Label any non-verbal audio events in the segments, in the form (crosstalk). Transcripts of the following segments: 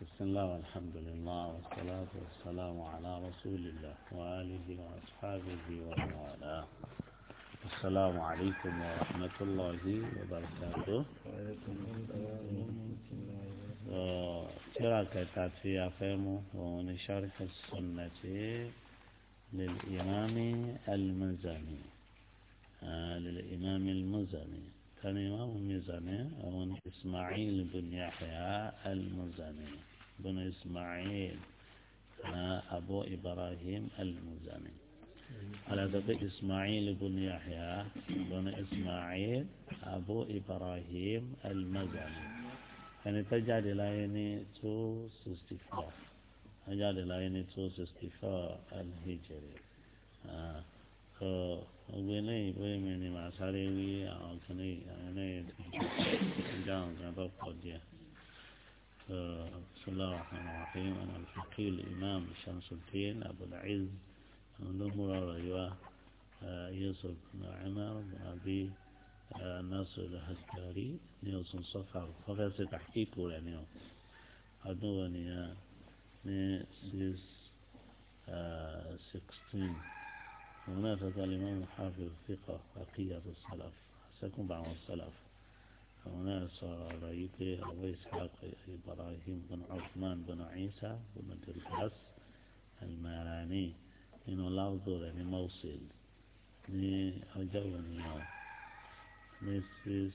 بسم الله والحمد لله والصلاة والسلام على رسول الله وآله وأصحابه ومن والاه السلام عليكم ورحمة الله وبركاته تراك اه، تعفي أفهمه ونشارك السنة للإمام المزني اه، للإمام المزني كان إمام ميزاني أو إسماعيل بن يحيى المزني بن إسماعيل آه، أبو إبراهيم المزني على ذلك إسماعيل بن يحيى بن إسماعيل أبو إبراهيم المزني يعني تجعل لعيني 264 تجعل لعيني 264 الهجري آه. so ọgbẹ́ lẹ́yìn bóyá mi ni màá sáré rí àwọn kan lẹ́yìn àwọn lẹ́yìn tó ń já àwọn kan tó pọ̀ díẹ̀ so بسم الله الرحمن الرحيم أنا الفقيه الإمام شمس الدين أبو العز نمر رجوة يوسف بن عمر بن أبي ناصر الهزكاري نيوسن صفر فقط تحقيقه لأنه أدوني ní six sixteen. هناك الإمام الحافظ ثقة بقية السلف سكن بعض السلف هنا صار يكي أبو إسحاق إبراهيم بن عثمان بن عيسى بن تركاس المراني إنه لفظ يعني موصل ni ọjọ́ ìrìnà ní six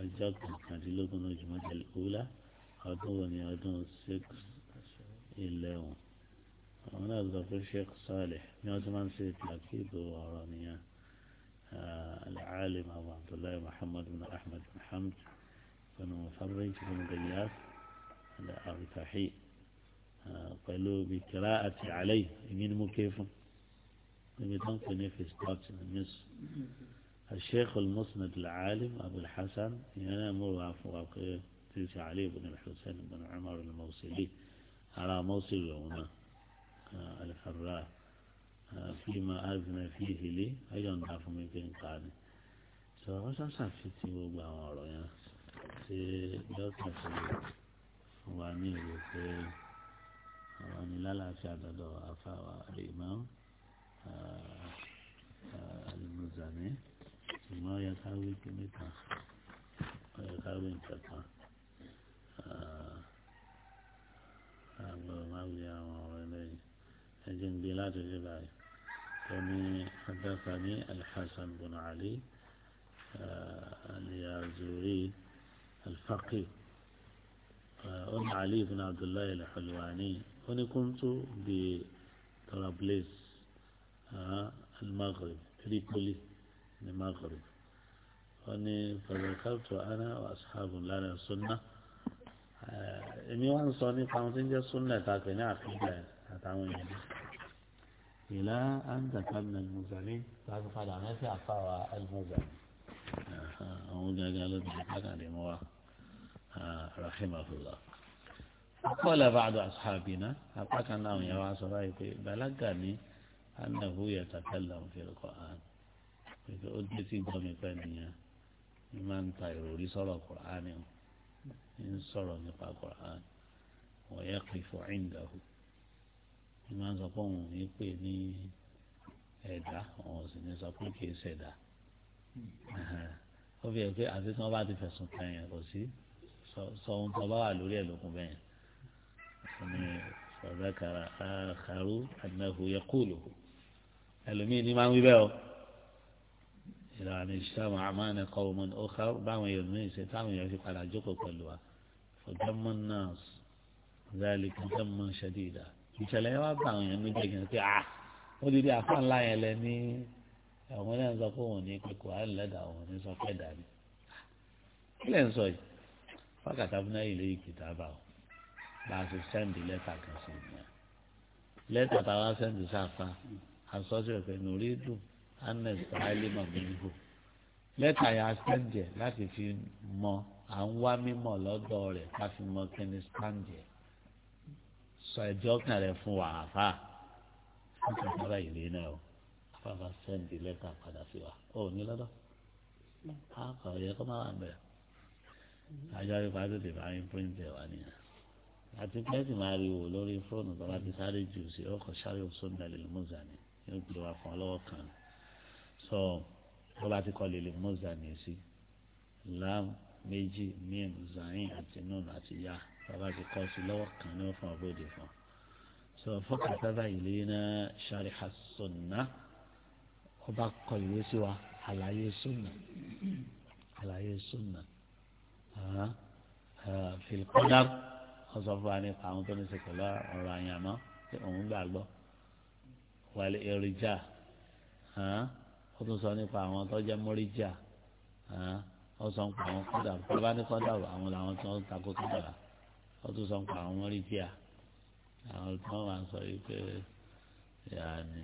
ọjọ́ kọkàndínlógún oṣù mọ́tẹ́lẹ̀ kúlá ọdún wo ni ọdún six أنا أذكر الشيخ صالح 186 تأكيد وهرانية العالم أبو عبد الله محمد بن أحمد بن حمد بن مفرج بن غياث الأرفحي آه، قالوا بقراءة عليه من مكيف تنقني في ستات مصر الشيخ المسند العالم أبو الحسن أنا ينام عفوا تلك علي بن الحسين بن عمر الموصلي على موصل هنا الفراء فيما أذن فيه لي أيضا ضعف ممكن قاني سواء سأصعب في تيمو بعمر يعني في دوكا سيدي وعني وفي لا لا في عدد أفا الإمام المزاني ثم يكاوي كمتا ويكاوي كتا أبو مولي أمور إليه بلاد الجبال يعني حدثني الحسن بن علي آه، اليازوري الفقيه آه، أم علي بن عبد الله الحلواني هنا كنت بطرابلس آه، المغرب تريبولي المغرب هنا فذكرت أنا وأصحاب لنا السنة إني وأنصاني صنيع قامت عندي السنة تاكينا عقيدة تعاون يعني إلى أن ذكرنا muzani بعد قال أنا في al al-Muzani àwọn قال ló ti pàkàndé mọ́ wa قال بعض أصحابنا أبقى أنهم نعم يا رأيك بلغني أنه يتكلم في القرآن أدتي دمي فانيا من طيروا لصلاة القرآن إن صلى نقا القرآن ويقف عنده ẹ máa ń sọ pé òun ní pè ní ẹ̀dá òun sì ní sọ pé kì í ṣẹ̀dá ó fi hàn pé àfi tí wọ́n bá ti fẹ̀sùn kàn yẹn kò sí sọ ohun tó bá wà lórí ẹ̀ lókun bẹ́ẹ̀ ni ọ̀dàkàrà àkàrú àdínàfò yẹ kúlù ẹlòmíín ní máa ń wí bẹ́ẹ̀ o ìlànà ìṣàmù àmàna kọ́ọ̀mù ó ká báwọn èèyàn ní ìṣe táwọn èèyàn fi padà jókòó pẹ̀lú wa fọ̀dọ́mọ́ náà zálì kọ́dọ́mọ́ ìṣẹ̀lẹ̀ yẹn wá gbà àwọn èèyàn méjì kan pé ah ó di di àfa ńlá yẹn lẹ ní àwọn náà ń sọ pé òun ní kíkọ á ń lẹ́dà òun ní sọ pé dàbí kí lẹ́ ń sọ yìí wákàtí abúlé ilé ìkìtà bá o bá a ṣe sẹ́ǹdì lẹ́tà kan sí i nìyẹn lẹ́tà táwa sẹ́ǹdì sáfa àsọ́sọ́ ìfẹ́ nùrí dùn anes alima minhu lẹ́tà yà sẹ́ǹdì láti fi mọ à ń wá mímọ̀ lọ́dọ̀ rẹ̀ ká fi mọ kẹ́ni sẹ́ǹdì ẹ̀ sọ ẹjọ́ kan rẹ̀ fún wa àfa fún kàkàrà ìlé náà o fàfà sẹ́ǹdì lẹ́tà padà sí wa ó oh, ní lọ́dọ̀ àkọ́ ah, yẹ kó má wà bẹ̀rẹ̀ mm-hmm. àjọ àríwá tètè máa ń píríǹtì ẹ̀ nìyẹn àti pẹ́ẹ́tì máa rí wò lórí fóònù tó ti sáré jù sí ọkọ̀ sáré òṣùn lẹ́lẹ̀ mọ́zàní yóò gbé wa fún ọlọ́wọ́ kan sọ tó bá ti kọ́ lẹ́lẹ̀ mọ́zàní sí lam méjì mím zayin àti nun àti yá bàbá ti kọ́ sí lọ́wọ́ kan ní wọ́n fún abóde fún ọ. sọ fọ́kà sábà ìlú iná shariha sunna ọba kọ ìwé sí wa àlàyé sunna àlàyé sunna filkọ́dá ọsọ fún wa nípa àwọn tó ní ṣe pẹ̀lú ọ̀rọ̀ àyàmọ́ tí òun gbàgbọ́ wàlẹ̀ èròjà ó tún sọ nípa àwọn tó jẹ́ mọ́ríjà ó sọ nípa àwọn kọ́dà bàbá ní kọ́dà àwọn làwọn tó ń takò kọ́dà wọ́n tún sọ pé àwọn ọmọ rí tíà àwọn olùkọ́ wa ń sọ yìí pé yàní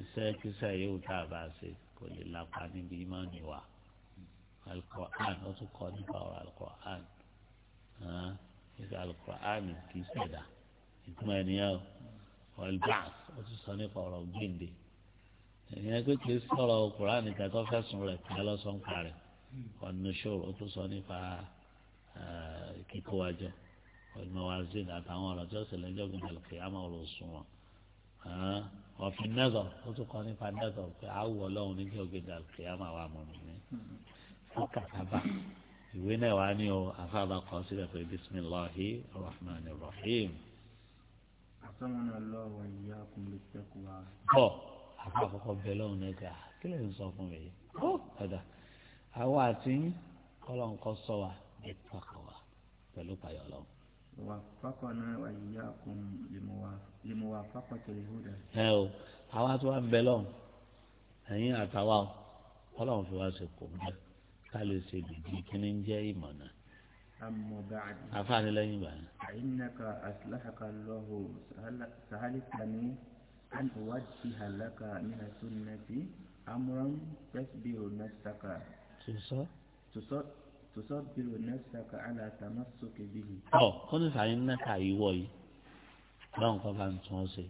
iṣẹ́ kíṣẹ́ yóò tá a bá ṣe kò lè lapa níbi ìmọ̀ọ́nì wa alukoran ó tún kọ́ nípa ọ̀rọ̀ alukoran alukoran kì í ṣẹ̀dá ìtumọ̀ ènìyàn ọ̀lbàs ó tún sọ nípa ọ̀rọ̀ gbèǹde ìyẹn pé kì í sọ̀rọ̀ koran nìkan tó fẹ̀sùn rẹ̀ kí á lọ́sọ̀ǹkà rẹ̀ ọ̀nà ó tún sọ nípa kíkówájọ́. والموازين أتعامل رجاس اللي جاءوا من القيامة والصوم ها وفي النظر وتقاني في النظر في أول لون يجوا قد القيامة وعمومين فكتب وين واني أفاد قصيدة في بسم الله الرحمن الرحيم أسمعنا الله وإياكم بالتقوى أوه أفاق قبلونك كل إنصاف معي أوه هذا أواتي قلن قصوا بالتقوى فلو قيالهم وفقنا وإياكم لموافقة الهدى أو عوات وان بلون هني أتواو ọlọ́run fi wá ṣe kò ń bẹ ká lè ṣe dìdí kí ni ń jẹ́ ìmọ̀ náà. أما بعد عفاني لا يبان فإنك أصلحك الله سهلتني أن أوجه لك من السنة أمرا تشبه نفسك تصدق tòsọ́bìrò nẹ́sàkà alátàmásókè bíi. ọ kó ní sàyẹn nẹ́ka ìwọ yìí báwọn kan bá ń tún ọ ṣe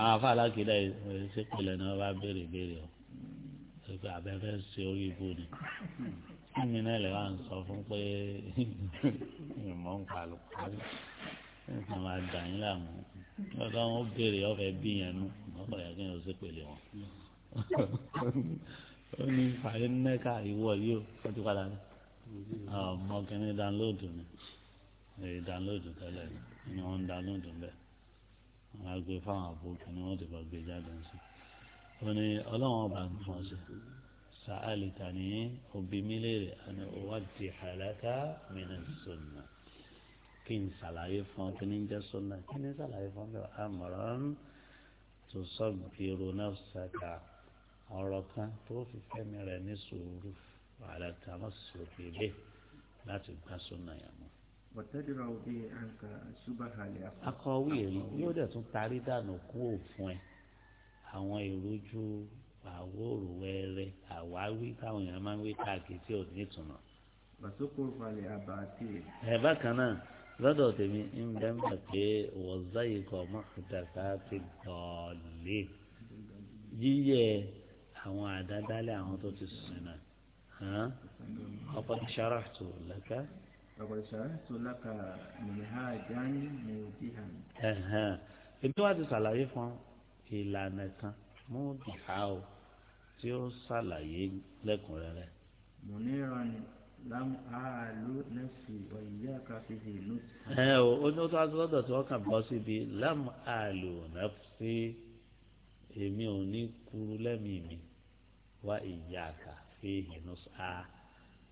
àwọn afá alákìlẹ̀ ṣe pẹ̀lẹ́ ni wọ́n bá béèrè béèrè ọ pé abẹ́fẹ́ ṣe orí ibu ni mímí náà lè wá ń sọ fún pé ìmọ̀ ń pa lùkárí ìtàn máa dà yín láàmú lọ́dọ̀ wọn béèrè ọ̀fẹ́ bí yẹn nú ọ̀pọ̀ yẹn kí ni ó ṣe pẹ̀lẹ́ wọn (laughs) ó ní sàyẹn nẹ́ka ìwọ yìí ó ti padà náà. Ah, mọ̀kìnrin dánlóòdù ni èyí dánlóòdù tẹ́lẹ̀ ni wọ́n ń dánlóòdù bẹ́ẹ̀ wọ́n á gbé fáwọn àbókù ni wọ́n ti bọ̀ gbé jáde sí i ó ní ọlọ́wọ́n ọba ń fọ́n sí sàálì tani òbí mi léèrè àni òwà ti àlàkà mìíràn sọ̀nà kí n ṣàlàyé fún ọ kí ni ń jẹ́ sọ̀nà kí ni ṣàlàyé fún ọ àmọ̀ràn tó sọ̀bìrò náà ṣàkà ọ̀rọ̀ kan tó fi fẹ́mi rẹ̀ ní sùúrù wàhálà tàwọn sòkè bẹ́ẹ̀ láti gbá súnà yà mọ́. bọ̀tẹ́dìrọ̀ òbí àǹkà ṣùgbọ́n àlẹ́ àpò. akọ̀wé ẹ̀rí yóò dẹ̀ tún tarí dànù kú òfun ẹ̀ àwọn ìrújú àwòrò wẹ́rẹ́ àwáwí táwọn èèyàn máa ń wí káàkiri tí ò ní ìtumọ̀. bàtókò falẹ̀ àbá àti ẹ̀. ẹ bákan náà lọ́dọ̀ tèmi ń bẹ́ mọ̀ pé wọ́zá ikọ̀ mọ́kùtàkà ti dọ̀ọ̀lé yíyẹ àwọn àdádálẹ̀ àwọn tó ti sùn náà. لقد شرحت لك لقد شرحت لك منهاجا موضحا ẹ̀hẹ́n ebi wá ti ṣàlàyé fún ìlànà kan múdìhá o tí ó ṣàlàyé lẹ́kùnrẹ́rẹ́. mùníràn lámú àálù nẹ́sì ọ̀yẹ́ àkàfihì ìlú. ẹ o ó ní ó tó aṣọ lọ́dọ̀ tí wọ́n kàn bọ́ síbi lámú àálù nẹ́sì èmi ò ní kúrú lẹ́mìí mi wá ìyá àkà fíhì nùsà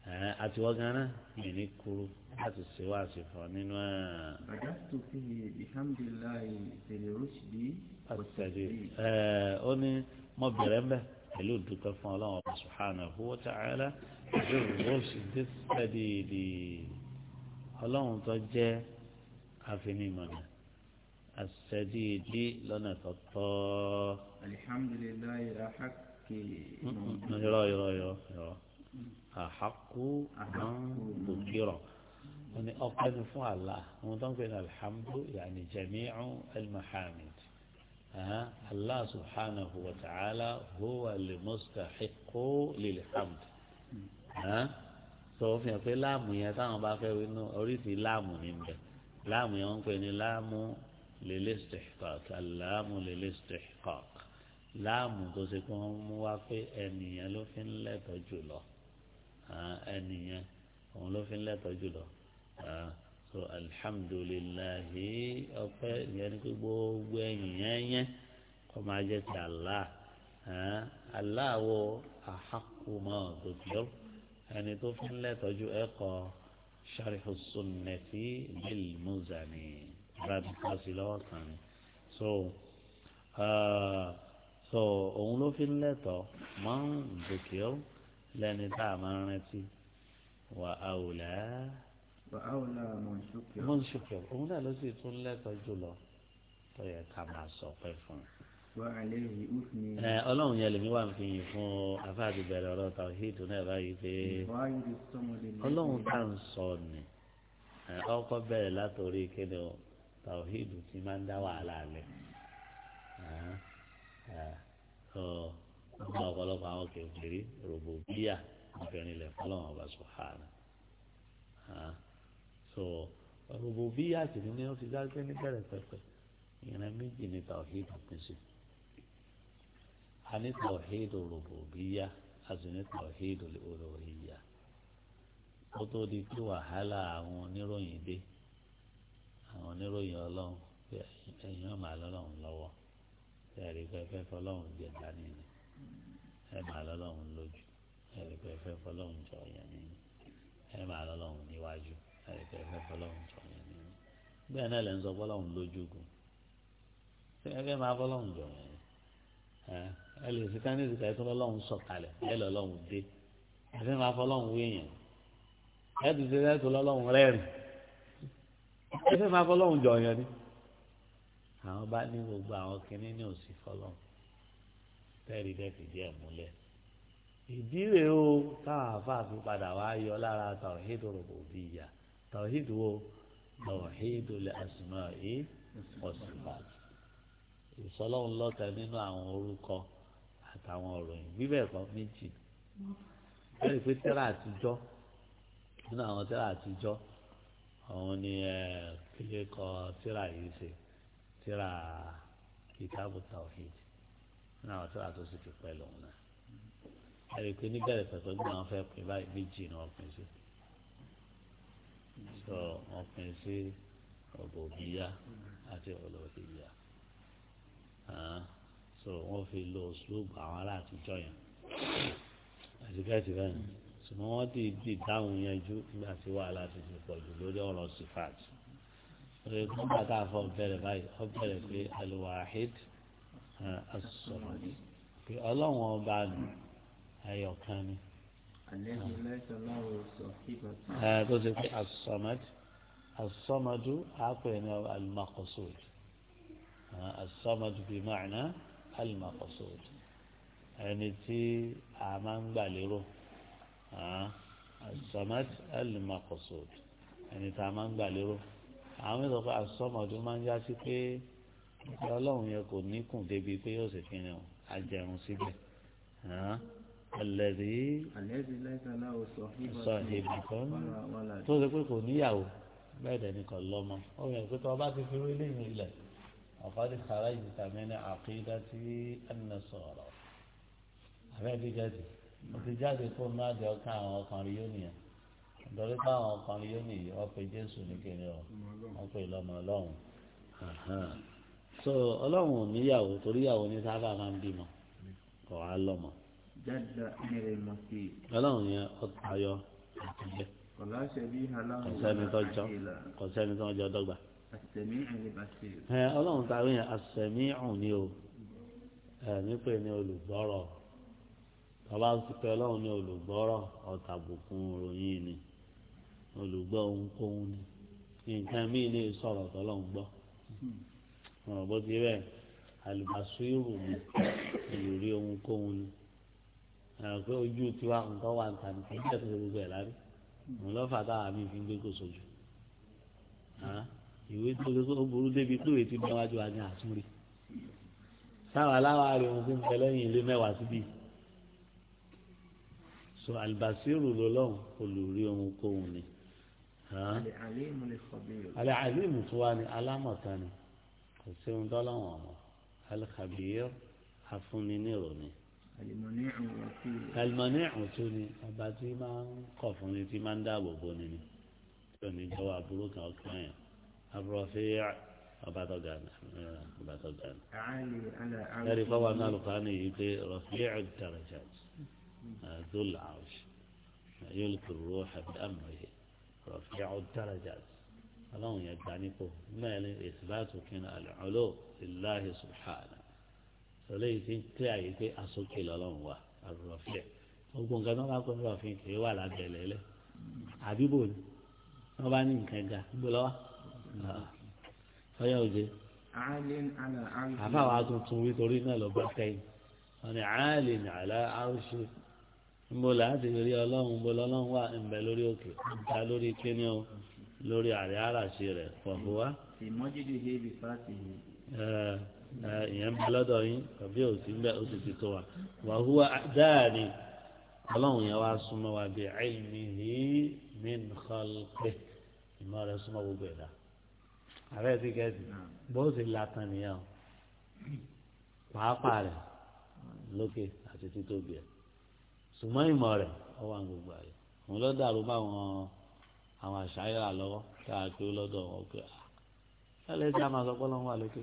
eh, àti wọ́n gan-an mi ní kúrú láti ṣe wá sí fún ọ nínú ẹ̀. bàdá tó fi alhamdulilayi tẹ̀lé rúṣìdì ọ̀tẹ̀lẹ̀. ẹ eh, ó ní mo bẹ̀rẹ̀ mbẹ́ pẹ̀lú dúpẹ́ fún ọlọ́run ọba subhanahu wa ta'ala ìṣòro rúṣìdì sẹ́díìdì ọlọ́run tó jẹ́ àfinimọ̀nà àṣẹdíìdì lọ́nà tó tọ́. alihamdulilayi kú àkàndùkìrọ wọn ni ọpẹ́ ni fún Allah wọn tó ń pè ní alhamdu yaani jamiu almahamid Allah subhanahu wa ta'ala huwa limustahiqu lilhamd sọ fi hàn pé láàmù yẹn táwọn bá fẹ́ wínú oríṣi láàmù ní láàmù yẹn wọ́n pè ní láàmù lilistihqaq aláàmù lilistihqaq láàmù tó ṣe pé wọ́n mú wá pé ẹnìyẹn ló fi ń lẹ́tọ̀ọ́ jùlọ. Ah, ẹni yẹn òun ló fi ń lẹ́tọ̀ jùlọ ah, so alihamudulilayi ọpẹ́ ìyẹn ni pé gbogbo ẹ̀yìn yẹn yẹn kọ́ máa jẹ́ ti Allah ah, Allah wo ahakumọ̀ dòdò ẹni tó fi ń lẹ́tọ̀ ju ẹ̀kọ́ sarihu sunnati bil muzani rabi kasi lọ́wọ́ kan ni so so òun ló fi ń lẹ́tọ̀ mọ́ dòdò lẹ́ni tá a máa rántí wà á ò lẹ́. wà á ò lẹ́ mọ̀nsúkẹ́. mọ̀nsúkẹ́ òun náà ló sì tún lẹ́tọ̀ọ́ jùlọ tó yẹ ká máa sọ pé fún un. wà á lè rí òfin. ẹ ọlọ́run yẹn lèmi wà ń fi yìn fún afáàdì bẹ̀rẹ̀ ọ̀rọ̀ tàwíìdù náà báyìí pé ọlọ́run tá à sọ ni ọkọ bẹ̀rẹ̀ látòrí kéde o tàwíìdù ti máa ń dá wàhálà lẹ̀ nígbà ọ̀pọ̀lọpọ̀ àwọn kẹfìrí rògbòbíyà obìnrin ilẹ̀ fọlọ́wọn ọba sùhánà so rògbòbíyà sì ni ó ti dágbé ní bẹ̀rẹ̀ pẹ̀pẹ̀ ìran méjì ní tàwíìdù pín sí a ní tàwíìdù rògbòbíyà a sì ní tàwíìdù olóríyà ó tó di pé wàhálà àwọn oníròyìn dé àwọn oníròyìn ọlọ́run pé ẹ̀yin ọ̀mà lọ́lọ́run lọ́wọ́ ẹ̀rí pẹ́pẹ́ fọlọ́run jẹ̀dá nìyẹn ẹ máa lọ́lọ́run lójú ẹ rí pé fẹ́ fọlọ́run jọ yẹn nínú ẹ máa lọ́lọ́run níwájú ẹ rí pé fẹ́ fọlọ́run jọ yẹn nínú bẹ́ẹ̀ náà lẹ́ ń sọ fọlọ́run lójú gùn ṣé ẹ fẹ́ máa fọlọ́run jọ yẹn ẹ lè fi kánìtì ká ẹ tún lọ́lọ́run sọ̀ kalẹ̀ ẹ lọ́lọ́run dé ẹ máa fọlọ́run wéèyàn ẹ tún ṣe ẹ lọ́lọ́run rẹ́rìn ẹ máa fọlọ́run jọ yẹn ni àwọn bá ní gbogbo àwọn kinní ní òsì fọlọ́run tẹ́rì dẹ́ fìdí ẹ̀ múlẹ̀ ìdí rèé o táwọn àáfàá fi padà wá yọ lára tawhid rububiyya tawhid wo tawhid al-asma'i was-sifat ìsọlọ́run lọ́tẹ̀ nínú àwọn orúkọ àtàwọn òròyìn bíbẹ̀ kan méjì ẹ̀rí pé tẹ́lá àtijọ́ nínú àwọn tẹ́lá àtijọ́ àwọn ni kílé kọ tẹ́lá yìí ṣe tẹ́lá kìtàbù tawhid ní àwọn tó àtúnṣe ti pẹ́ lòun náà ẹ̀rí pé níbẹ̀rẹ̀ pẹ̀pẹ́ gbọ́n àwọn fẹ́ pín báyìí méjì ni wọ́n pín sí so wọ́n pín sí ọ̀bọ̀bíyá àti ọ̀lọ́bíyá so wọ́n fi lo slope àwọn ará àtijọ́ yẹn àti kẹ́ẹ̀tì bẹ́ẹ̀ ni wọ́n ti di dáhùn yanjú nígbà tí wàhálà ti ti pọ̀ jù lórí ọ̀rọ̀ sífàtì. òye kúńtà tá a fọ bẹ̀rẹ̀ báyìí ọ pé alwahid asọ̀rọ̀dì pé ọlọ́run ọba nù ẹyọkan ni. ẹ tó ṣe pé asọ̀mọ́dì asọ̀mọ́dù àpè ní alimakọ̀sọ̀dì asọ̀mọ́dù bíi màánà alimakọ̀sọ̀dì ẹni tí a máa ń gbà lérò asọ̀mọ́dì alimakọ̀sọ̀dì ẹni tí a máa ń gbà lérò àwọn ìsọ̀kọ̀ asọ̀mọ́dù máa ń já sí pé ìgbà ọlọ́run yẹn kò níkùn débi pé yóò sì fi hàn ajẹun síbẹ̀ ẹlẹ́rì sọ ìbùkọ́ tó ṣe pé kò níyàwó bẹ́ẹ̀ dẹ̀ ni kò lọ́mọ ó yẹ pé tó o bá ti fi rí lẹ́yìn ilẹ̀ ọ̀fọ́dé kàrá yìí tàbí ní àkídá tí ẹnì sọ̀rọ̀ àbẹ́bí jáde mo ti jáde kó má jẹ ọkàn àwọn ọkùnrin yóò nìyẹn nítorí pé àwọn ọkùnrin yóò nìyí wọ́n pe Jésù ní kéde ọ̀ wọ́n pe ìlọ́mọ ọlọ́run. so ọlọ́run níyàwó torí ìyàwó ní sábà máa ń bímọ kọ̀ á lọ́mọ. ọlọ́run yẹn ayọ̀ àtúnjẹ. kọ̀sẹ́ni tọ́jọ́ kọ̀sẹ́ni tọ́jọ́ dọ́gba. ọlọ́run tàbí yẹn àṣẹ̀mí ọ̀hún ni o nípe ni olùgbọ́rọ̀ tọ́lá ti pẹ́ ọlọ́run ní olùgbọ́rọ̀ ọ̀tàbùkún ròyìn ni olùgbọ́ ohunkóhun ni nǹkan sọ̀rọ̀ wọn bó ti bẹ́ẹ̀ alùpàṣírù mi ìrírí ohunkóhun ni àpé ojú tiwa nǹkan wà nǹkan ní ìdílé tó ṣe gbogbo ẹ̀ lárí òun lọ́fà táwa mi fi ń gbé kò sojú ìwé tó ṣe kó burú débi pé òye ti bá wájú wa ní àtúnrí táwa láwa rí ohun tí ń bẹ lẹ́yìn ilé mẹ́wàá síbí so alùpàṣírù ló lọ́hùn olùrí ohunkóhun ni. alẹ́ àlímù tó wá ní alámọ̀tán ni. kò sí ohun tó lọ́wọ́ ọmọ alikabir afúninírò ni. kalimani ọ̀tún ni ọba tí máa ń kọ̀ fún ni tí máa ń dáàbò bò ni ni tí ò ní jọ̀wọ́ aburú kan ọkàn yẹn aburú fi ọba tó ga ni ọba tó ga ni. ẹ̀rí fọwọ́ náà lùkọ́ ni yìí pé rọ̀fíì dàrẹ́jà dùl àwùjọ yóò lùkùrù rọ̀ àbí àmọ̀ yìí rọ̀fíì dàrẹ́jà. ọlọ́run yẹn gbà nípò nígbà yẹn ìsìláàtù kìnnà àlùcọ́lò ìláhi subhana sọlẹ́ yìí ti ń kílẹ̀ àyè pé asókè lọ́lọ́run wà àrùrọ̀fẹ́ gbogbo nǹkan tó bá kọ́ ní ọ̀fin kì í wà lábẹ́ lẹ́lẹ́ àbíbò ni wọ́n bá ní nǹkan ga gbogbo lọ́wọ́ ọyọ́ òde àfàwọn atuntun wí torí náà lọ́ọ́ kẹ́yìn wọ́n ní àálì ní àlá àrùṣe ńbọ̀lá àti rí ọlọ́run ńbọ̀lá ọlọ́run wà ńbẹ lórí òkè ńta lórí kíní lórí àrẹ àràṣe rẹ̀ fọ̀fọ̀wá. ìmọ̀jídì hebi fati. ìyẹn bí lọ́dọ̀ yín tàbí òsì ń bẹ ó sì ti tó wa wàhúwa dáàrí ọlọ́run yẹn wá súnmọ́ wa bí àìní ní min khalqi ìmọ̀ rẹ̀ súnmọ́ gbogbo ẹ̀dá. ààrẹ ti kẹ́sì bó ṣe latan nìyẹn o pàápàá rẹ̀ lókè àti títóbi ẹ̀ sùnmọ́ ìmọ̀ rẹ̀ ọwọ́ àwọn gbogbo àyè òun ló dàrú báwọn àwọn àṣàyà lọ́wọ́ tá a pé lọ́dọ̀ wọn pé ẹ lè jẹ́ àmà sọpọ́ lọ́wọ́ àlókè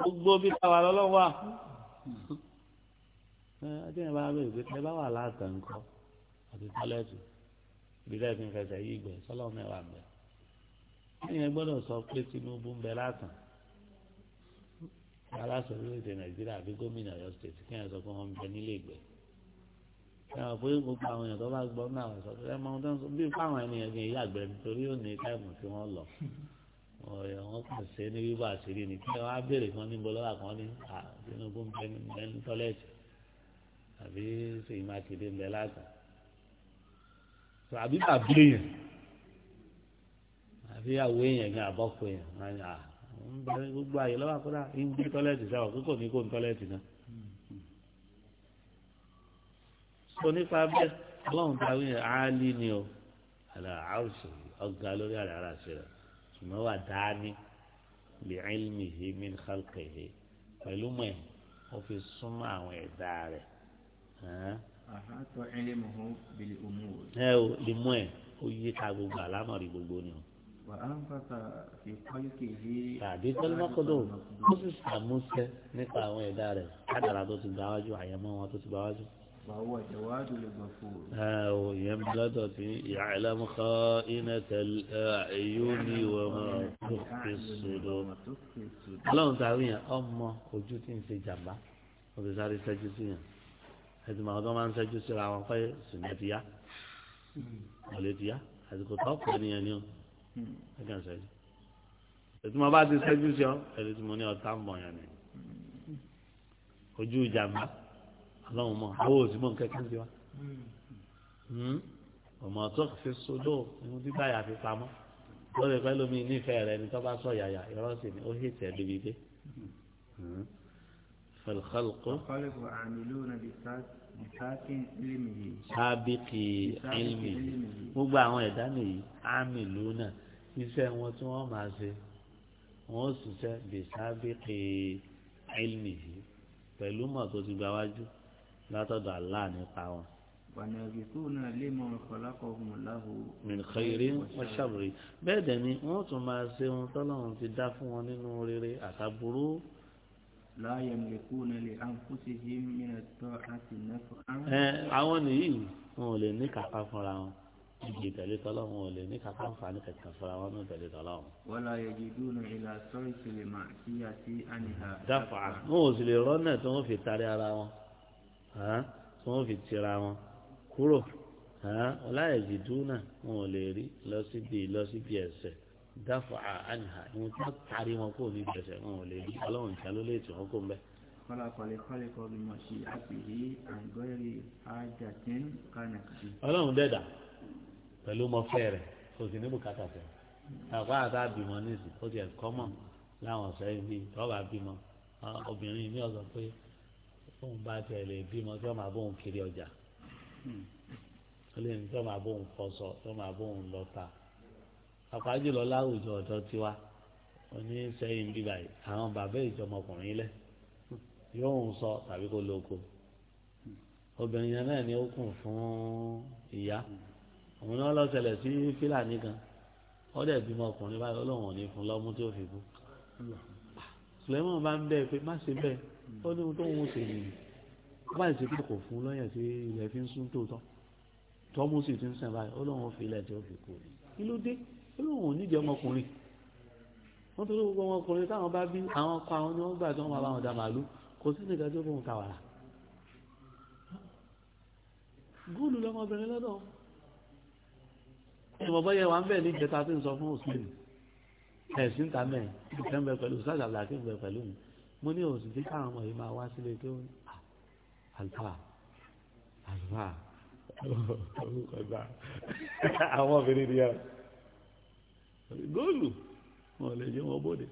gbogbo bí táwa lọ́wọ́ à ọjọ́ yẹn bá bẹ̀rẹ̀ pé ẹ bá wà láàtà ńkọ́ àti tọ́lẹ́tì bí lẹ́ẹ̀ fi ń fẹsẹ̀ yí ìgbẹ́ sọ́lọ́ mẹ́wàá ń bẹ̀ ẹ̀yìn gbọ́dọ̀ sọ pé Tinubu ń bẹ láàtà aláṣọ orílẹ̀-èdè Nàìjíríà àbí gómìnà Ọ̀yọ́ stéètì kí ẹ̀ sọ pé wọ́n ń bẹ nílé ìgbẹ́ ẹ̀wọ̀n pé gbogbo àwọn èèyàn tó bá gbọ́ náà wà sọ pé ẹ máa ń tán sọ bí fáwọn ènìyàn kì í yàgbẹ́ nítorí ó ní táìmù tí wọ́n lọ ọ̀yọ̀ wọn kàn ṣe ní wíwá àṣírí ni kí wọ́n á béèrè kan níbo lọ́wọ́ kan ní Tinubu ń bẹ ní tọ́lẹ́ẹ̀tì àbí Ṣèyí Mákindé ń bẹ lágàn tó àbí bàbá èèyàn àbí àwọ èèyàn gan àbọ̀kọ èèyàn ń bẹ gbogbo àyè lọ́wọ́ tó nípa bẹ́ẹ̀ ọlọ́run ta wí áálí ni o àlà àrùsì ọ̀gá lórí àlà ara sí rẹ̀ ṣùgbọ́n wà dání lè ẹ́lmi yìí mí kálkẹ̀ yìí pẹ̀lú mọ̀ ẹ̀ ó fi súnmọ́ àwọn ẹ̀dá rẹ̀. ẹ o lè mú ẹ ó yí ká gbogbo àlámọ̀rí gbogbo ni o. Tàbí tẹ́lẹ́mọ́kọ́dọ̀ ó sì sàmúsẹ́ nípa àwọn ẹ̀dá rẹ̀ kádàrà tó ti gbáwájú àyẹ̀mọ́ wọn tó ti gbáwájú ìyẹn bí lọ́dọ̀ tí ya'lamu kha'inata al-a'yuni wa ma tukhfi as-sudur. ọlọ́run tàbí yẹn ọmọ ojú tí ń ṣe jàmbá òbí sáré sẹ́jú sí yẹn ẹtì màá tó máa ń sẹ́jú síra wọn pé sùnmẹ́ ti yá ọ̀lẹ́ ti yá àsìkò tó pọ̀ nìyẹn ni ó ẹ̀kẹ́ sẹ́jú ètò màá bá ti sẹ́jú sí ọ ẹ̀rẹ́ tí mo ní ọ̀tá ń bọ̀ yẹn ni ojú jàmbá aláwọn mọ àwọn òsì mọ nǹkan kan ti wá hmm? ọmọ tó fi sódò ohun tí báyà fi pamọ́ lórí pẹ́ lómi nífẹ̀ẹ́ rẹ ni tó bá sọ yàyà irọ́ sì ni ó hì tẹ̀ débi dé. فالخلق الخلق عاملون sábìkì ilmi gbogbo àwọn ẹ̀dá nìyí àmì lónà iṣẹ́ wọn tí wọ́n máa ṣe wọ́n ṣiṣẹ́ bí sábìkì ilmi pẹ̀lú mọ̀ tó ti gbáwájú látọ̀dọ̀ Allah nípa wọn. min khairin wa sharri bẹ́ẹ̀ dẹ̀ ni wọ́n tún máa ṣe ohun tọ́lọ́run ti dá fún wọn nínú rere àtàbúrú. la yamlikuna li anfusihim min at-ta'ati naf'an. àwọn nìyí wọn ò lè ní kápá fúnra wọn ibi ìtẹ̀lé tọ́lọ́run ò lè ní kápá nfààní kẹ̀kẹ́ fúnra wọn ní ìtẹ̀lé tọ́lọ́run. wala yajiduna ila sọ́ọ̀sì lè máa ṣíyà sí àníhà. dáfà wọn ò sì lè rọ́nà tí wọ́n fi tira wọn kúrò ọláyẹ̀jì dúnà wọn ò lè rí lọ síbi lọ síbi ẹ̀sẹ̀ dáfọ̀ àánìhà ìwọ̀n tí wọ́n tarí wọn kó níbi ẹ̀sẹ̀ wọn ò lè rí ọlọ́run ìjà ló lè tì wọ́n kó ń bẹ́ẹ̀. ọlọ́run dẹ̀dà pẹ̀lú mọ́fẹ́ rẹ̀ kò sí ní bùkátà fẹ́ àpá àtà bímọ nísìsiyìí ó ti ẹ̀kọ́ mọ̀ láwọn ọ̀sẹ̀ yìí tọ́ba bímọ obìnrin ní ọ̀sán pé tóun bá tẹ̀ lè bímọ tí wọ́n máa bóun kiri ọjà ó lè ní tí wọ́n máa bóun fọṣọ tí wọ́n máa bóun lọ́ta àpájùlọ láwùjọ ọ̀dọ́ tiwa oníṣẹ́yìn bíbá yìí àwọn bàbá ìjọmọkùnrin lẹ̀ yóò ń sọ tàbí kó lóko obìnrin yẹn náà ni ó kùn fún ìyá òun náà lọ ṣẹlẹ̀ sí fílàní kan ó dẹ̀ bímọ ọkùnrin báyìí ó lóun ò ní fún lọ́mú tí ó fi kú Suleiman bá ń bẹ́ẹ̀ pé má ṣe bẹ́ẹ̀ ó ní ohun tó ń ṣe nìyí bá ìṣe pé kò fún lọ́yẹ̀ tí ilẹ̀ fi ń sún tòótọ́ tọ́mú sì ti ń sàn báyìí ó lóun fi ilẹ̀ tí ó fi kú ni kí ló dé ó lóun ò nídìí ọmọkùnrin wọ́n torí gbogbo ọmọkùnrin táwọn bá bí àwọn ọkọ àwọn ni wọ́n gbà tí wọ́n máa bá wọn dà màálù kò sí nìkan tí ó fóun ta wàrà góòlù lọmọbìnrin lọ́dọ̀ ìmọ̀ bọ́yẹ wà ń bẹ̀ ní ìjẹta tí ń sọ fún òsínì ẹ̀sìn tàmẹ̀ ìfẹ́ mo ní òsì tí káwọn ọmọ yìí máa wá sílé tó ń àlùfà àlùfà orúkọ gbà (laughs) àwọn obìnrin ni àwọn góòlù wọn ò lè jẹ wọn bóde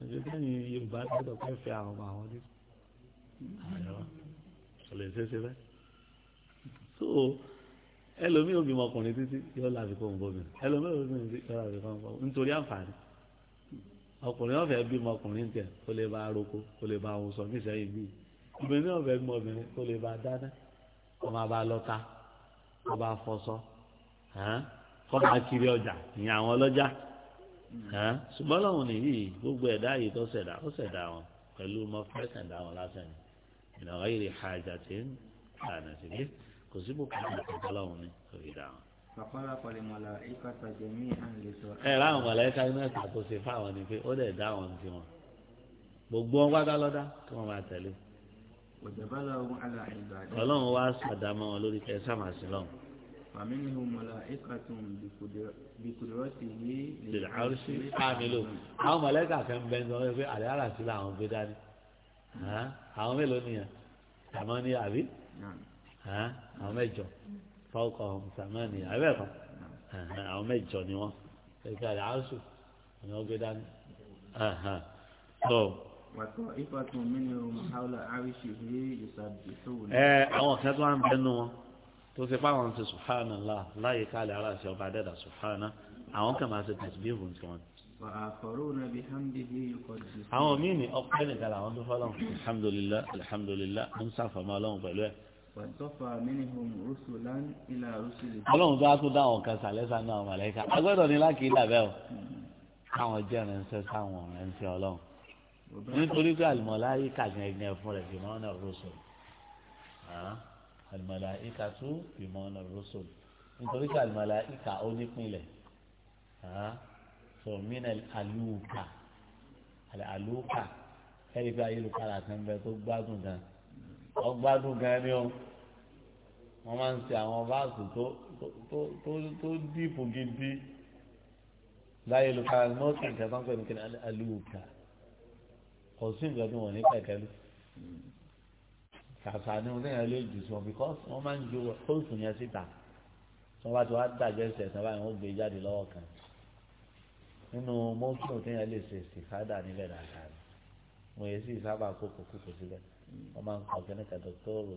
ẹgbẹ sẹ́yìn yorùbá gbọ́dọ̀ pẹ fẹ́ àwọn ọmọ àwọn nípa àwọn ọmọ lè ṣeéṣe bẹ́ẹ̀ so ẹlòmíì obìnrin ọkùnrin títí yóò láfi kó ń bómi ẹlòmíì obìnrin títí yóò láfi kó ń bómi nítorí àǹfààní ọkùnrin ọ̀fẹ́ bímọ ọkùnrin tẹ̀ kó lè bá roko kó lè bá ohun sọ nísẹ́yìn bíi obìnrin ọ̀fẹ́ bímọ obìnrin kó lè bá dáná kó máa bá lọ́ta kó bá fọṣọ kó máa kiri ọjà ìyẹn àwọn ọlọ́jà ṣùgbọ́n lọ́hùn nìyí gbogbo ẹ̀dá yìí tó ṣẹ̀dá ó ṣẹ̀dá wọn pẹ̀lú mọ fẹ́ wọn lásán ni ìnáwó ayé rè ń kà ní sílé kò sí bùkún àti ọlọ́run ni kò fi dà wọn ẹ láwọn mọ̀lẹ́ka iná ṣàkóso fáwọn ni pé ó dẹ̀ dá àwọn ti wọn gbogbo wọn wádá lọ́dá kí wọ́n máa tẹ̀lé. ọlọ́run wá sàdámọ́ wọn lórí kẹsà máa sí lọ́hùn. àwọn mọ̀lẹ́ka kan bẹ ń sọ pé àlẹ́ àràsí làwọn gbé dání àwọn mélòó nìyẹn àmọ́ ní àbí àwọn mẹ́jọ fáwọkọ̀ ọ̀hún sàmánì àbẹ́ kan àwọn mẹ́jọ ni wọ́n ẹ̀ka rẹ̀ áṣù ni wọ́n gbé dání. àwọn kan tó wá ń bẹnu wọn tó ṣe fáwọn ṣe sùhánà lá láyé kálẹ̀ ara ṣe ọba dẹ́dà sùhánà àwọn kan máa ṣe tẹ̀síbíhùn tí wọ́n. àwọn míì ní ọpẹ́ nìkan làwọn tó fọ́lọ́n alhamdulilayi alhamdulilayi ń sáfàmọ́ ọlọ́run pẹ̀lú ẹ̀ ọlọ́run bá tún dáhùn kan sàlẹ́sà náà mọ̀lẹ́ka agbẹ́dọ̀ ni lákì í dàbẹ́ o káwọn jẹ́ ránṣẹ́ sáwọn ránṣẹ́ ọlọ́run nítorí pé àlùmọ̀lá yíká gẹ́gẹ́ fún rẹ̀ fìmọ́ náà rọ́ṣọ̀ àlùmọ̀lá yíká tún fìmọ́ náà rọ́ṣọ̀ nítorí pé àlùmọ̀lá yíká ó nípìnlẹ̀ sọ̀mínà àlùkà àlùkà ẹ̀rí pé ayélujára kan bẹ tó gbádùn gan ọgbádùn gan ni ó wọ́n máa ń ṣe àwọn báàsì tó tó tó dìpò gidi láyé lùkà mọ́tì nǹkan tó ń pè ní kí ni alùkà kò sí nǹkan tí wọ́n ní pẹ̀kẹ́lú kàṣà ni wọ́n tẹ̀yàn lé jù sí wọn because wọ́n máa ń ju kóòtù yẹn síta tí wọ́n bá ti wá dàjẹ́ ẹsẹ̀ tí wọ́n wọ́n gbé jáde lọ́wọ́ kan nínú mọ́tì náà tẹ̀yàn lè ṣe ìsìkádà níbẹ̀ dáadáa mo yẹ sí ìsábà kókò kókò síbẹ̀ wọ́n máa ń kọ́ kẹ́nìkan dọ́kítọ́rù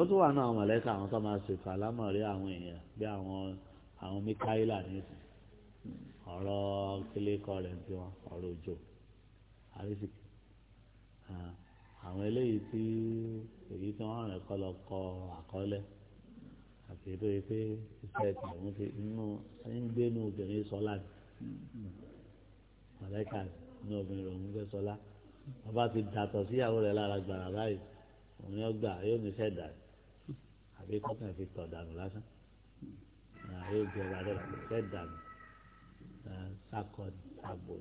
ó tún wà náà àwọn mọ̀lẹ́kà àwọn tó máa ṣètò àlámọ̀rí àwọn èèyàn bí àwọn àwọn mikaela nìsín ọ̀rọ̀ kílíkọ rẹ̀ ti wọn ọ̀rọ̀ òjò àrísìkì àwọn eléyìí tí èyí tí wọ́n rìn kọ́ lọ kọ àkọọ́lẹ̀ àti ètò yìí pé iṣẹ́ ti àwọn ti inú ń gbénu obìnrin sọlá ni mm, mm. mọ̀lẹ́kà ní obìnrin rẹ̀ ń gbé sọlá ọba ti dàtọ̀ síyàwó rẹ̀ lára gbàrà báyìí òun yóò gbà yóò ní fẹ́ dà àbí kọ́kàn fi tọ̀ dànù lásán yóò jẹ ọba dẹ́rẹ́ kò fẹ́ dànù sákọ̀ àbò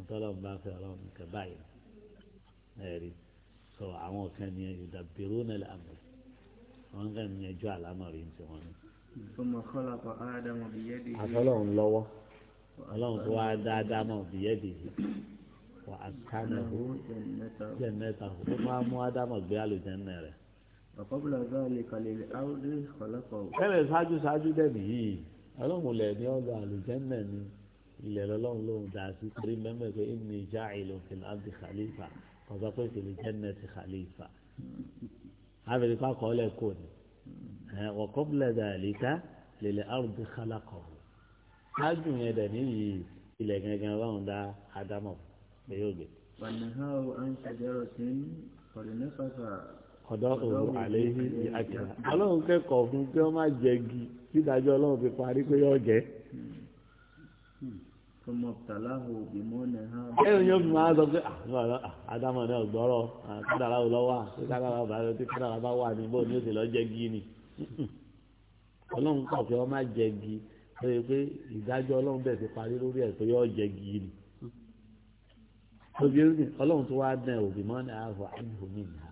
ntọ́lọ́mù bá fẹ́ ọlọ́mù kẹ báyìí ẹ̀rí sọ àwọn kan ní ìdàbírú nílẹ̀ àmọ̀ wọn kàn ní ẹjọ́ àlámọ̀rí ti wọn ni. àfọlọ́hún lọ́wọ́ ọlọ́run tó wá dáadáa mọ̀ bìyẹ́dì yìí wà á kánàhó jẹnẹtàhó ó máa mú ádámù gbé àlùjẹnẹ rẹ. ọ̀pọ̀bùlà bá lè kàlè áwùdí kọ̀lọ́kọ̀. ẹnlẹ ṣáájú ṣáájú dẹbi yìí ọlọ́run lẹ̀ ní ọgbà àlùjẹnẹ ni ilẹ̀ lọ́lọ́run lòun dà sí torí mẹ́mẹ́ pé ẹni ìjà ìlò fìlà àbí khalifa kọ̀ọ̀sá pé fìlì jẹ́nẹ ti khalifa. àbẹ̀rẹ̀ pa kọ́ lẹ̀ kò ní. ọ̀pọ̀bùlà bá ká lè áwùdí kọ̀lọ́kọ̀ ṣáájú yẹn dẹ̀ níyì ilẹ̀ gangan lọ́run dá ádámù fún pé yóò gbé. ọ̀dọ́ òru àlẹ́ yìí àjà ọlọ́run kẹ́kọ̀ọ́ fún kí wọ́n má jẹ igi dídájọ́ ọlọ́run fi parí pé yóò jẹ́. Hmm. ẹ̀rù yóò fi máa sọ pé àdámọ̀ ah, ah, náà gbọ́rọ̀ ah, kádàrá ò lọ́wọ́ àti kádàrá bá lọ tí kádàrá bá wà ní bóun ní òsè lọ́ọ́ jẹ́ gí ni (laughs) ọlọ́run kọ̀ fún ọ má jẹ igi pé ìdájọ́ ọlọ́run bẹ̀ ti parí lórí ẹ̀ pé yóò jẹ gí ni òbí ní ọlọ́run tó wáá dán òbí mọ́ ní àhọ àdìhòmí nà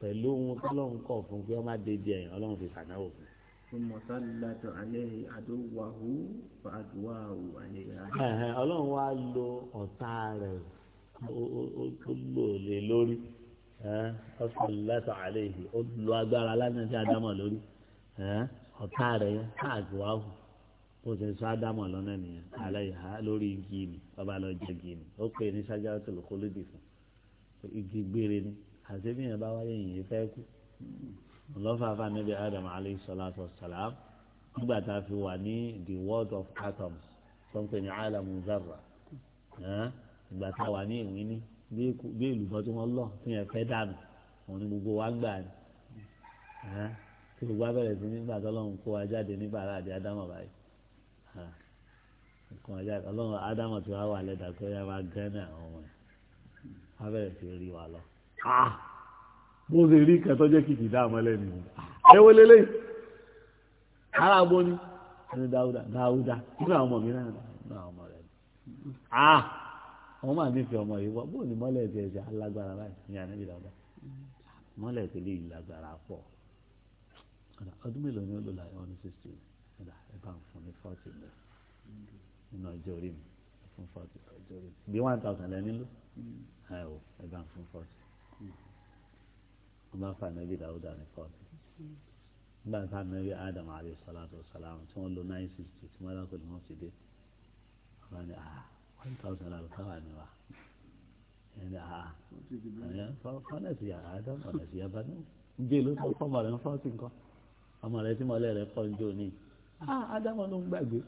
pẹ̀lú ohun tọ́lọ́run kọ̀ fún pé ọmọ adébí ẹ̀yìn ọlọ́run fi kàná wò fún. mọ̀sálàtọ̀ alẹ́ àdówàhù fàdúwàhù alẹ́ yá. ọlọ́run wá lo ọ̀tá rẹ̀ ó lò lé lórí ọ̀sálàtọ̀ alẹ́ ó lo agbára lánàá tí lórí ọ̀tá rẹ̀ yẹn bó ṣe sọ ádámọ̀ lọ́nà nìyẹn ha lórí igi ni bàbá lọ jẹ igi ni ó pè ní ṣájáàtúl khuludi fún igi gbére ni àṣebí yẹn bá wáyé yìí fẹ́ kú ọlọ́fàáfà níbi adam alayhi salatu wa salam nígbà tá a fi wà ní the world of atoms tó ń pè ní alamu zarra ìgbà tá a wà ní ìwín ní bí ìlúbọ tí wọ́n lọ fi yẹn fẹ́ dànù òun ni gbogbo wa gbà ni tí gbogbo abẹ́rẹ́ sí nígbà tó lọ́n kó wa jáde ní bàrà àti ádámọ̀ báyìí. Ah. nǹkan ọjà ọlọ́run ádámọ̀ tí wàá wà lẹ́dà pé ó yà máa gẹ́nì àwọn ọmọ ẹ̀ wọ́n bẹ̀rẹ̀ sí rí wa lọ. Ah! bó ṣe rí nǹkan tó jẹ́ kìkì dáàmú ẹlẹ́nu ẹ ah! wo lélẹ̀ ara bo ni ẹni dáúdà dáúdà nínú àwọn ọmọ mi náà nínú àwọn ọmọ rẹ àwọn máa nífẹ̀ẹ́ ọmọ yìí wọ́n bóun ni mọ́lẹ̀ ti ẹ̀ṣẹ̀ alágbára láì ní ànábì dàgbà mọ́lẹ̀ ti lè lágbára pọ̀ ọdún mélòó ni ó lò láyé wọn ní bá ń fún ní fọ́ọ̀tì mẹ́ nínú ọjọ́ orí mi fún fọ́ọ̀tì ọjọ́ orí mi bí one thousand lẹ nílò hmm. ẹ o ẹ bá ń fún fọ́ọ̀tì wọ́n bá ń fa nàbí dàúdà ní fọ́ọ̀tì hmm. nígbà tá a adam alayhi salatu wa salam tí wọ́n lo nine sixty tí wọ́n lákòó ni wọ́n ti dé wọ́n ní ah one thousand làwọn káwá ni wa ẹni ah fọ́nẹ̀sì yà adam fọ́nẹ̀sì yà bá ní jẹ́ ló sọ fọ́ọ̀mù rẹ̀ ń fọ́ọ̀tì nǹkan ọmọ rẹ̀ tí mo lẹ́ rẹ̀ kọ́ ń jó ah ádámọ̀ ló ń gbàgbé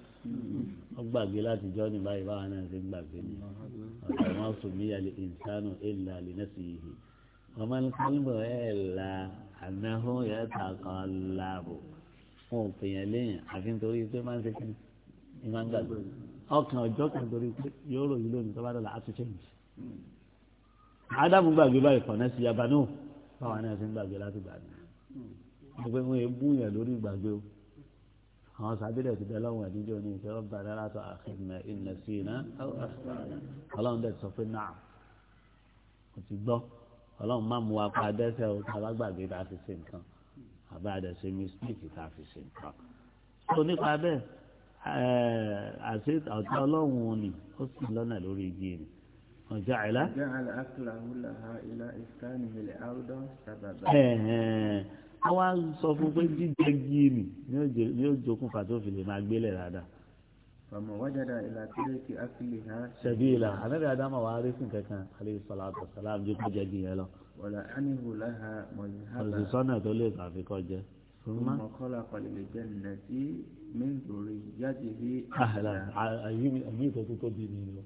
wọ́n gbàgbé láti jọ́ ní báyìí báwa náà ṣe ń gbàgbé ni ọ̀sẹ̀ wọn sùn mí yàlẹ̀ ìsánù ìlà lẹ́nẹ́sì yìí ọmọ nìkanbọ̀ ẹ̀ la ànáhó yẹ kan láàbò fún òpin yẹn lẹ́yìn àfi nítorí pé máa ń ṣe kí ni máa ń gbàgbé ọkàn ọjọ́ kan torí pé yóò ròyìn lónìí tó bá dọ̀la á ti ṣẹ́yìn ádámù gbàgbé báyìí kọ̀nẹ́sì yabanú báwa náà ṣe ń gbàgbé láti gbàgbé àwọn sàbílẹ̀ ti bẹ lọ́wọ́ ìdíjọ́ ní ìfẹ́ ọba dára tó àkìnnà ìnà sí iná ọlọ́run dẹ̀ sọ pé náà kò ti gbọ́ ọlọ́run má mú wa pa dẹ́sẹ̀ o tá a bá gbàgbé tá a fi ṣe nǹkan àbá a dẹ̀ ṣe mistake tá a fi ṣe nǹkan. tó nípa bẹ́ẹ̀ àṣẹ ọ̀tá ọlọ́run ni ó sì lọ́nà lórí igi ni ọjà ìlà. ọjà ìlà akílà húlà àwa sọ fún pé jíjẹ gíìnì ni yóò jókun fàtó fìlè máa gbélé dáadáa. ọmọ wájàdá ìlà kílẹ̀ kí ákílì ha. ṣẹbi ìlà ànábì adama wà á rí fún kankan aleyhi salatu wa salam ju kọjá gíìnì yẹn lọ. wàlà ánihu láha mọ̀nyíhábà. òṣìṣọ́nà tó lè kàfi kọjá. ọmọ kọ́lá pàlẹ́lẹ̀ jẹ́ nàti mẹ́ndòrè yájẹ́ bí. àyè tó tó tóbi ni o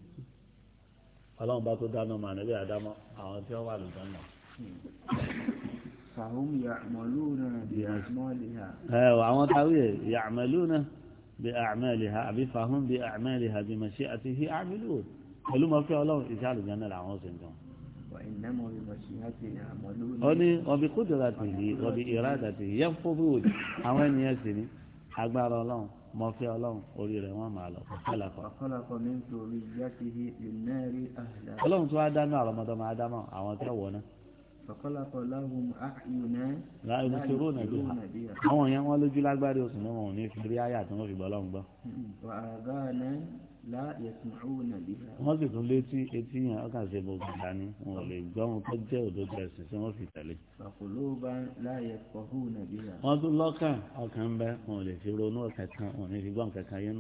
ọlọ́run bá tó dáná mọ̀ ànábì adama àwọn tí wọ́n wà lójọ́ fàhùn yàmàlúnà bí àmàlìhà. ẹ wà àwọn táwíyẹ yàmàlúnà bí àmàlìhà àbí fàhùn bí àmàlìhà bí màṣí àti hí àmìlú pẹ̀lú mọ̀fẹ́ ọlọ́run iṣẹ́ àlùjáná làwọn ṣe ń jọ. ó ní ọbí kúdùrà tìlí ọbí ìrádà tìlí yẹ fún bí wòlíì àwọn ènìyàn sì ní agbára ọlọ́run mọ̀fẹ́ ọlọ́run orí rẹ̀ wọ́n máa lọ kọ́lákọ́. ọlọ́run tó wá dáná àrọ́mọdọ́mọ ádámọ̀ àwọn tẹ́wọ̀ náà fàkọ́lákọ̀ láhùn àyùnà láàyè tí rò nàbí ha àwọn èèyàn wọn lójú lágbárí oṣù náà wọn ò ní fi rí àyà tí wọn fi gbọ́ lọ́n gbọ́. wọ́n sì tún létí etí yẹn ọkàn ṣe bó gbàgbà ni wọn ò lè gbọ́ wọn tó jẹ́ òdodo ẹ̀sìn tí wọ́n fi tẹ̀lé. wọ́n tún lọ́kàn ọkàn ń bẹ wọn ò lè fi ronú kankan wọn ò ní fi gbọ́ kankan yẹn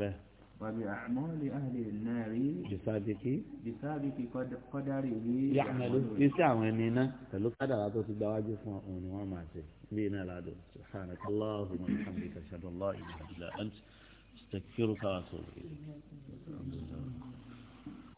nù وبأعمال أهل النار بسابق بسابق قدره يعمل يسعون هنا فلو قدر عطوة الدواجة فأون وما بينا العدو سبحانك اللهم وبحمدك أشهد الله إله إلا أنت استغفرك وأتوب إليك